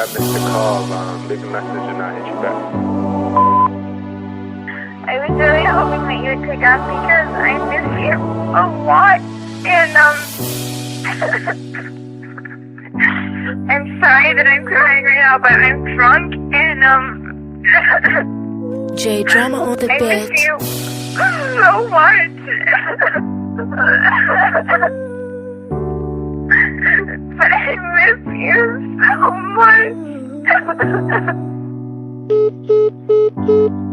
I missed call. Um, leave a message and I'll hit you back. I was really hoping that you would pick up because I miss you a lot. And, um, I'm sorry that I'm crying right now, but I'm drunk and, um, J drama on the I miss you so much. but I miss you Oh my.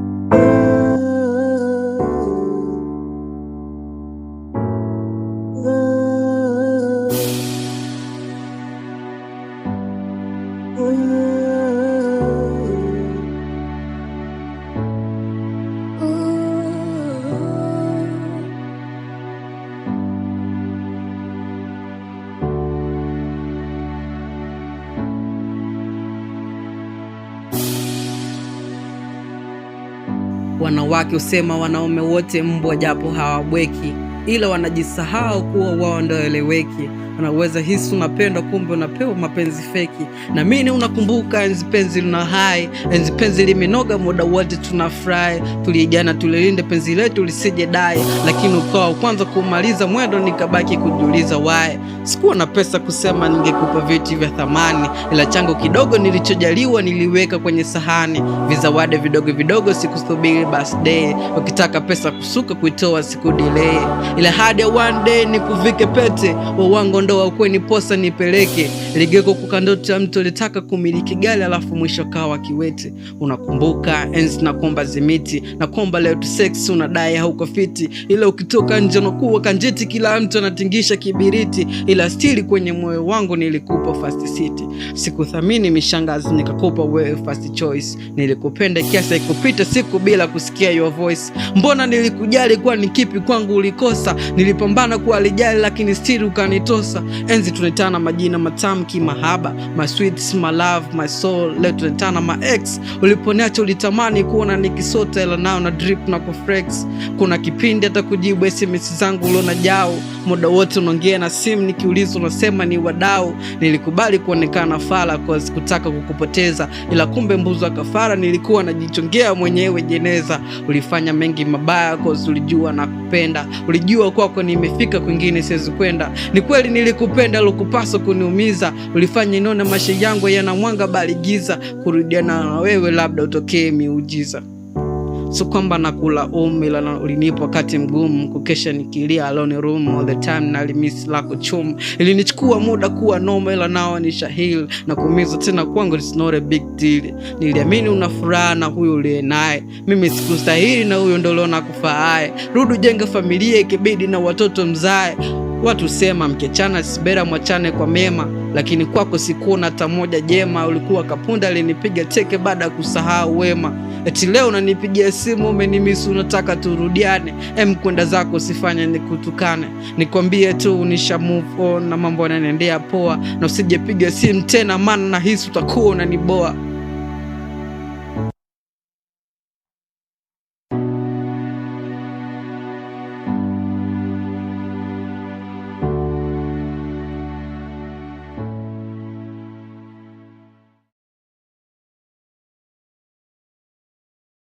Wanawake husema wanaume wote mbwa, japo hawabweki, ila wanajisahau kuwa wao ndio eleweki unaweza hisi unapendwa, kumbe unapewa mapenzi feki. Na mimi unakumbuka enzi penzi lina hai, enzi penzi limenoga, muda wote tunafurahi, tulijana tulilinde penzi letu lisije dai, lakini ukawa kwanza kumaliza mwendo, nikabaki kujiuliza wae. Sikuwa na pesa kusema ningekupa viti vya thamani, ila chango kidogo nilichojaliwa niliweka kwenye sahani, vizawadi vidogo vidogo, sikusubiri birthday, ukitaka pesa kusuka kuitoa siku delay, ila hadi ya one day nikuvike pete wawango uwanda wa ukweni, posa nipeleke Ligeuka ukukandoti la mtu ulitaka kumiliki gari, alafu mwisho kawa kiwete. Unakumbuka enzi na kuomba zimiti na kuomba leo tu sex, unadai hauko fiti, ila ukitoka nje unakuwa kanjiti, kila mtu anatingisha kibiriti, ila stili kwenye moyo wangu nilikupa first city. Sikuthamini mishangazi, nikakupa wewe fast choice. Nilikupenda kiasi ikupita siku bila kusikia your voice. Mbona nilikujali, kuwa ni kipi kwangu ulikosa? Nilipambana kuwa lijali lakini stili ukanitosa. Enzi tunaitana majina matamu mwanamke mahaba, my sweets, my love, my soul, leo tunatana ex. Uliponiacha ulitamani kuona nikisota ela nao na drip na kuflex. Kuna kipindi hata kujibu SMS zangu uliona jao, muda wote unaongea na simu, nikiuliza unasema ni wadau. Nilikubali kuonekana fala kwa sikutaka kukupoteza, ila kumbe mbuzo wa kafara nilikuwa najichongea mwenyewe jeneza. Ulifanya mengi mabaya kwa ulijua na kupenda, ulijua kwako nimefika, kwingine siwezi kwenda. Ni kweli nilikupenda, alikupaswa kuniumiza ulifanya inona maisha yangu yana mwanga bali giza, kurudiana na wewe labda utokee miujiza. So kwamba nakulaumu, ila ulinipa wakati mgumu kukesha nikilia alone room all the time, na alimiss la chum. Ilinichukua muda kuwa noma, ila nao ni shahil na kuumiza tena kwangu, it's not a big deal. Niliamini una furaha na huyo uliye naye, mimi sikustahili na huyo ndo leo Rudi jenga familia, ikibidi na watoto mzae Watu sema mkechana sibera mwachane kwa mema, lakini kwako sikuona hata moja jema. Ulikuwa kapunda alinipiga teke baada ya kusahau wema. Eti leo unanipigia simu umenimisu, unataka turudiane. Em, kwenda zako usifanye nikutukane, nikwambie tu unisha move on na mambo yananiendea poa, na usijepiga simu tena, maana nahisi utakuwa unaniboa.